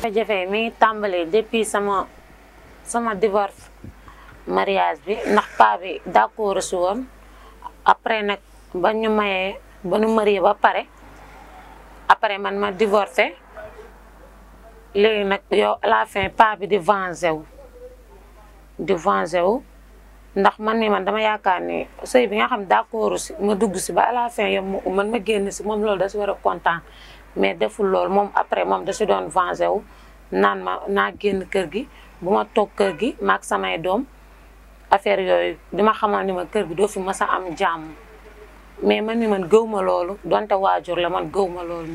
jafe-jafe mi ngi tàmbalee depuis sama sama divorce mariage bi ndax paa bi d'accord si woon après nag ba ñu mayee ba nu marié ba pare après man ma divorcé léegi nag yow à la fin paa bi di venger wu di venger wu ndax man mi man dama yaakaar ni sëy bi nga xam d'accord si ma dugg si ba à la fin yow man ma génn si moom loolu da si war a kontaan mais deful loolu moom après moom da si doon vengé wu naan ma naa génn kër gi bu ma toog kër gi maag samay doom affaire yooyu dima xamal ni ma kër gi doo fi ma sa am jàmm mais man mi man gëw ma loolu donte waajur la man gëw ma loolu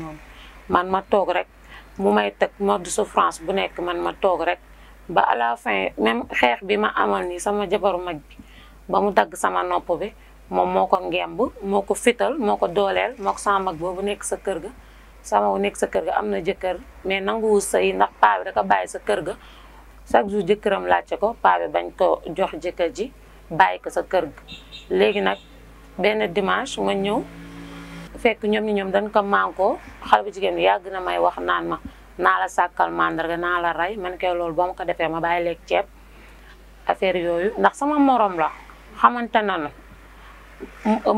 man ma toog rek mu may teg mode de souffrance bu nekk man ma toog rek ba à la même xeex bi ma amal nii sama jabaru mag bi ba mu dagg sama nopp bi moom moo ko ngemb moo ko fital moo ko dooleel moo ko sama mag boobu nekk sa kër gi sama nekk sa kër ga am na jëkkër mais nanguwu sëy ndax paa da ko bàyyi sa kër ga chaque jour jëkkëram laajte ko paa bi bañ ko jox jëkkër ji bàyyi ko sa kër ga léegi nag benn dimanche ma ñëw fekk ñoom ñi ñoom dañ ko mànkoo xale bu jigéen bi yàgg na may wax naan ma naa la sàkkal màndarga naa la rey man kay loolu boo ma ko defee ma bàyyi lekk ceeb affaire yooyu ndax sama moroom la xamante nanu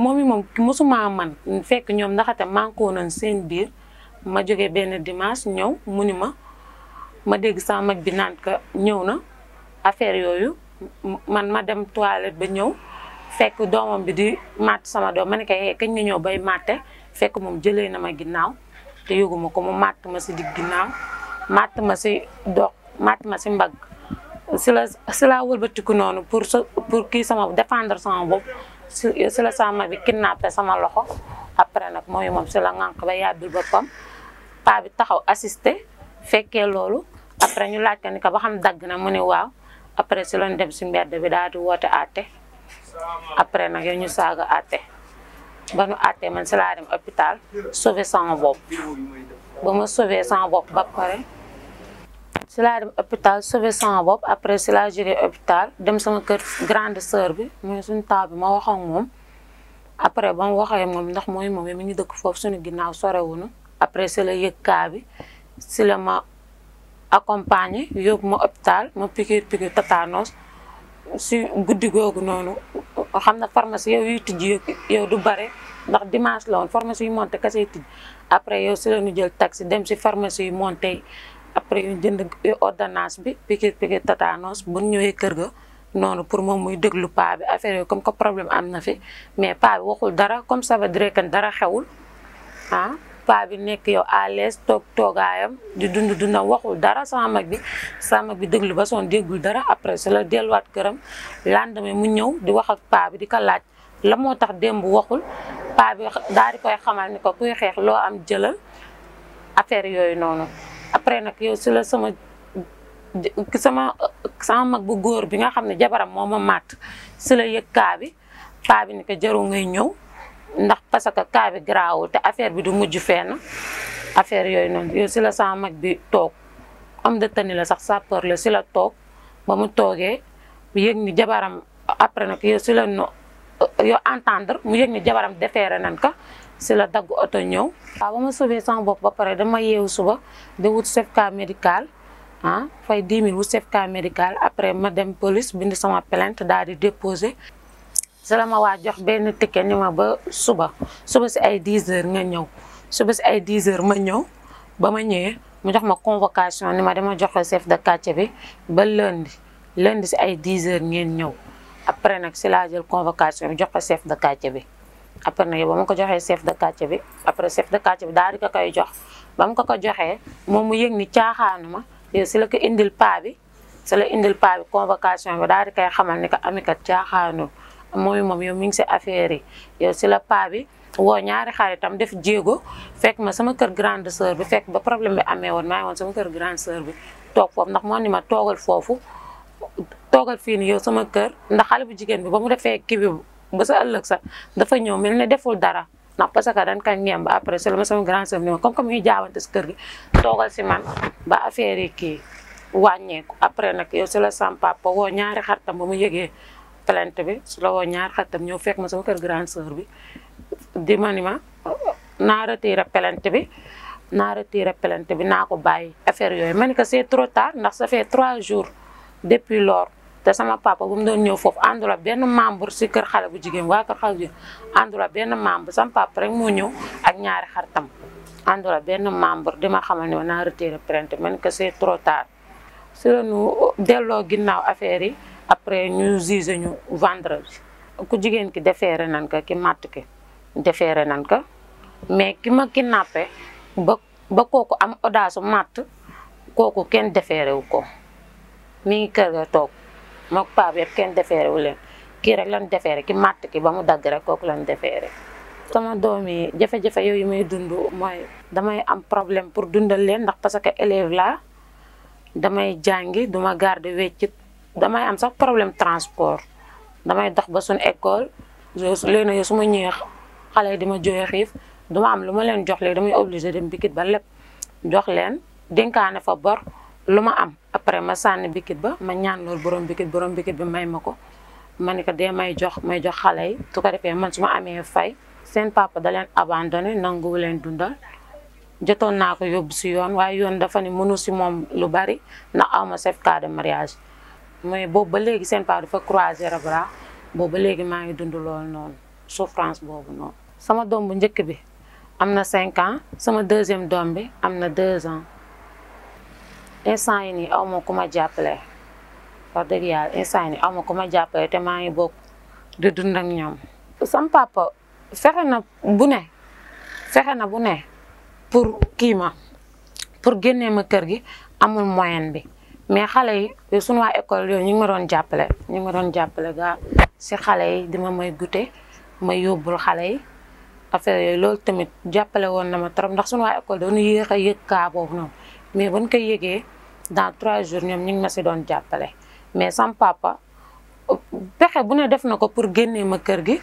moom i moom mësuma man fekk ñoom ndaxate mànkoo nañ seen biir ma jóge benn dimanche ñëw mu ni ma ma dégg sama mag bi naan ka ñëw na affaire yooyu man ma dem toilette ba ñëw fekk doomam bi di màtt sama doom ma ne ko yee eh, kañ nga ñëw bay màtte fekk moom jëlee na ma ginnaaw te yëguma ko mu matt ma si digg ginnaaw màtt ma si dox màtt ma si mbagg si la si la wëlbatiku noonu pour pour kii sama défendre sama bopp si la sama bi kidnappé sama loxo après nag mooy moom si la ŋànk ba yàbbil boppam paa bi taxaw assister fekkee loolu après ñu laaj ko ni ko ba xam dagg na mu ne waaw après si lañ dem si mbedd bi daal di woote àtte après nag yow ñu saaga àtte ba nu àttee man si laa dem hôpital sauver sama bopp ba ma sauver sama bopp ba pare si laa dem hôpital après si laa juree hôpital dem sama kër grande sœur bi mu suñu taw bi ma wax moom après ba mu waxee moom ndax mooy moom mi ngi dëkk foofu suñu ginnaaw sorewunu après si la yëg kaa bi si la ma accompagner yóbbu ma hôpital ma piqûre piqûre tétanos si guddi googu noonu xam na pharmacie yow yuy tijji yow du bare ndax dimanche la woon pharmacie yu monté kasey tijj après yow si la ñu jël taxi dem si pharmacie yu monté après yu jënd ordonnance bi piqûre piqûre tétanos bu ñu ñëwee kër ga noonu pour moom muy déglu paa bi affaire yooyu comme que problème am na fi mais paa waxul dara comme ça veut dire que dara xewul ah paa bi nekk yow à l'aise toog toogaayam di dund dundam waxul dara sama mag bi sama bi déglu ba soon déggul dara après si la delluwaat këram lendemain mu ñëw di wax ak paa bi di ko laaj la moo tax démb waxul paa bi di koy xamal ni ko kuy xeex loo am jëlal affaire yooyu noonu après nag yow si la sama sama sama mag bu góor bi nga xam ne jabaram moo ma matt si la yëg kaa bi paa bi ni ko jaru ngay ñëw ndax parce que kaa bi te affaire bi du mujj fenn affaire yooyu noonu yow si la sama mag bi toog am de tani la sax sapeur la si la toog ba mu toogee yëg ni jabaram après nag yow si mu yëg ni jabaram defeere nan ka si la daggu oto ñëw waaw ba ma sobee sama bopp ba pare dama yeewu suba di wut certificat médical ah fay 10 000 wu certificat médical après ma dem police bind sama plainte daal di déposé si la ma waa jox benn ticket ni ma ba suba suba si ay 10 heures nga ñëw suba si ay 10 heures ma ñëw ba ma ñëwee mu jox ma convocation ni ma dama joxe chef de quartier bi ba lundi lundi si ay 10 heures ngeen ñëw après nag si laa jël convocation bi jox chef de quartier bi après nag ba ma ko joxee chef de quartier bi après chef de quartier bi daal di ko koy jox ba mu ko ko joxee moom mu yëg ni caaxaanu ma si la ko indil paa bi si la indil paa bi convocation bi daal di koy xamal ni ko amikat caaxaanu mooy moom yow mi ngi si affaire yi si la paa bi woo ñaari xaar xaritam def jéego fekk ma sama kër grande seur bi fekk ba problème bi amee woon maa woon sama kër grande sœur bi toog foofu ndax moom ni ma toogal foofu toogal fii nii yow sama kër ndax xale bu jigéen bi ba mu defee kii bu ba sa ëllëg sax dafa ñëw mel ne deful dara ndax parce que dañ koy ngemb après si la ma sama grand sœur ni ma comme comme ñuy jaawante si kër gi toogal si man ba affaire yi kii wàññeeku après nag yow si la sama woo ñaari xaritam ba mu yëgee plainte bi su la woo ñaari xaritam ñëw fekk ma sama kër grand bi di ma ni ma naa retiré plainte bi naa retiré plainte bi naa ko bàyyi affaire yooyu ma ni que c'est trop tard ndax ça fait trois jours depuis lors te sama papa bu mu doon ñëw foofu àndul benn membre si kër xale bu jigéen waa kër xale bu jigéen àndul ak benn membre sama papa rek moo ñëw ak ñaari xaritam àndul ak benn membre dima xamal ne ma naa retiré plainte man que c'est trop tard si delloo ginnaaw affaire yi après ñu juge ñu vendredi ku jigéen ki defeere nan ki màtt ki defeere nan ka mais ki ma kidnappé ba ba kooku am audace màtt kooku kenn defeerewu ko mi ngi kër ga toog mook paa bi kenn defeere wu leen kii rek la lan defeere ki matt ki ba mu dagg rek kooku lan defeere sama doom yi jafe-jafe yooyu may dund mooy damay am problème pour dundal leen ndax parce que élève la damay jàngi duma garde weccit damay am sax problème transport damay dox ba suñ école su nag su ma ñëwee xale yi di ma jooyee xiif duma am lu ma leen jox léegi damay obligé dem bikit ba lépp jox leen dénkaane fa bor lu ma am après ma sànni bikit ba ma ñaan loolu borom bikit borom bikit bi may ma ko ma ne ko dee may jox may jox xale yi su ko defee man su ma amee fay seen papa da leen abandonné nanguwu leen dundal jotoon naa ko yóbbu si yoon waaye yoon dafa ne mënu si moom lu bari na aw ma certificat de mariage mais boobu ba léegi seen papa dafa croiser le bras boobu ba léegi maa ngi dund loolu noonu souffrance boobu noonu. sama doom bu njëkk bi am na cinq ans sama deuxième doom bi am na deux ans. instant yi nii aw ma ku ma jàppale wax dëgg yàlla instant yi nii aw ma ma jàppale te maa ngi bokk di dund ak ñoom. sam fexe na bu ne fexe na bu ne pour kii pour génnee ma kër gi amul moyen bi mais xale yi suñu waa école yooyu ñu ngi ma doon jàppale ñu ngi doon jàppale gaa si xale yi dima may goûter ma yóbbul xale yi. affaire yooyu loolu tamit jàppale woon na ma trop ndax suñu waa école dañu yéex a yëg kaa boobu noonu mais yëgee dans trois jours ñoom ñu ngi ma si doon jàppale mais sam pexe bu ne def na ko pour génnee ma kër gi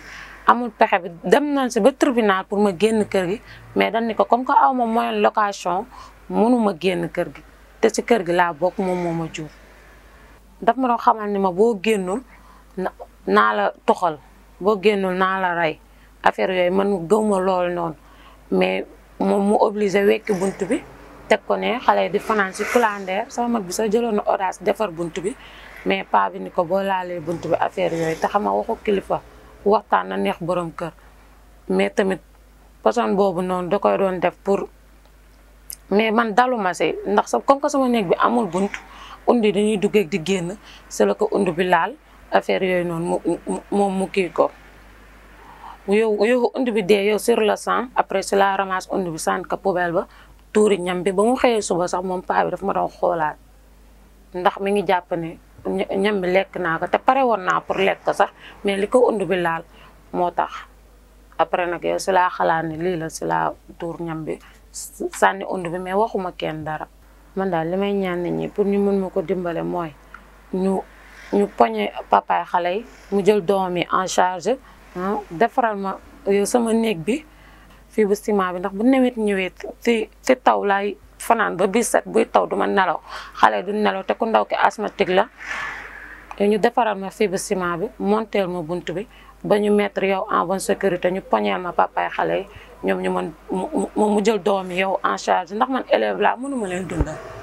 amul pexe bi dem nañ si ba tribunal pour ma génn kër gi mais dañ ni ko comme que aw ma moyen location mënuma génn kër gi te si kër gi laa bokk moom moo ma jur daf ma doon xamal ni ma boo génnul naa la toxal boo génnul naa la rey affaire yooyu man gëw ma loolu noonu mais moom mu obligé wekki bunt bi teg ko ne xale yi di fanaan si Coulandaire sama mag bi sax jëloon na orange defar bunt bi mais pas bi ni ko boo laalee bunt bi affaire yooyu te xama waxu kilifa waxtaan a neex boroom kër mais tamit personne boobu noonu da koy doon def pour mais man daluma si ndax sa comme que sama néeg bi amul bunt undi dañuy duggeeg di génn si la ko und laal affaire yooyu noonu mu moom mu yow yow und bi dee yow sur le sang après si la ramasse und bi sànni ko poubelle ba tuuri ñam bi ba mu xëyee suba sax mom pa bi daf ma don xolaat ndax mi ngi japp ne ñam bi lek te pare won na pour lek ko sax mais liko undu bi laal motax après nak yow sila laa xalaat ne lii la sila tour ñam bi sanni undu bi mais waxuma kenn dara man daal limay ñaan nit ñi pour ñu mën ma dimbalé dimbale ñu ñu pogné papaay xalé yi mu jël doom en charge defaral ma yow sama bi fii bu ciment bi ndax bu nawet ñëwee ci ci taw laay fanaan ba biir set buy taw du ma nelaw xale du nelaw te ku ndaw ki asthmatique la ñu defaral ma fii bu ciment bi monteel ma bunt bi ba ñu mettre yow en bonne sécurité ñu poñeel ma papaay xale yi ñoom ñu mën mu jël doom yow en charge ndax man élève laa mënuma leen dundal.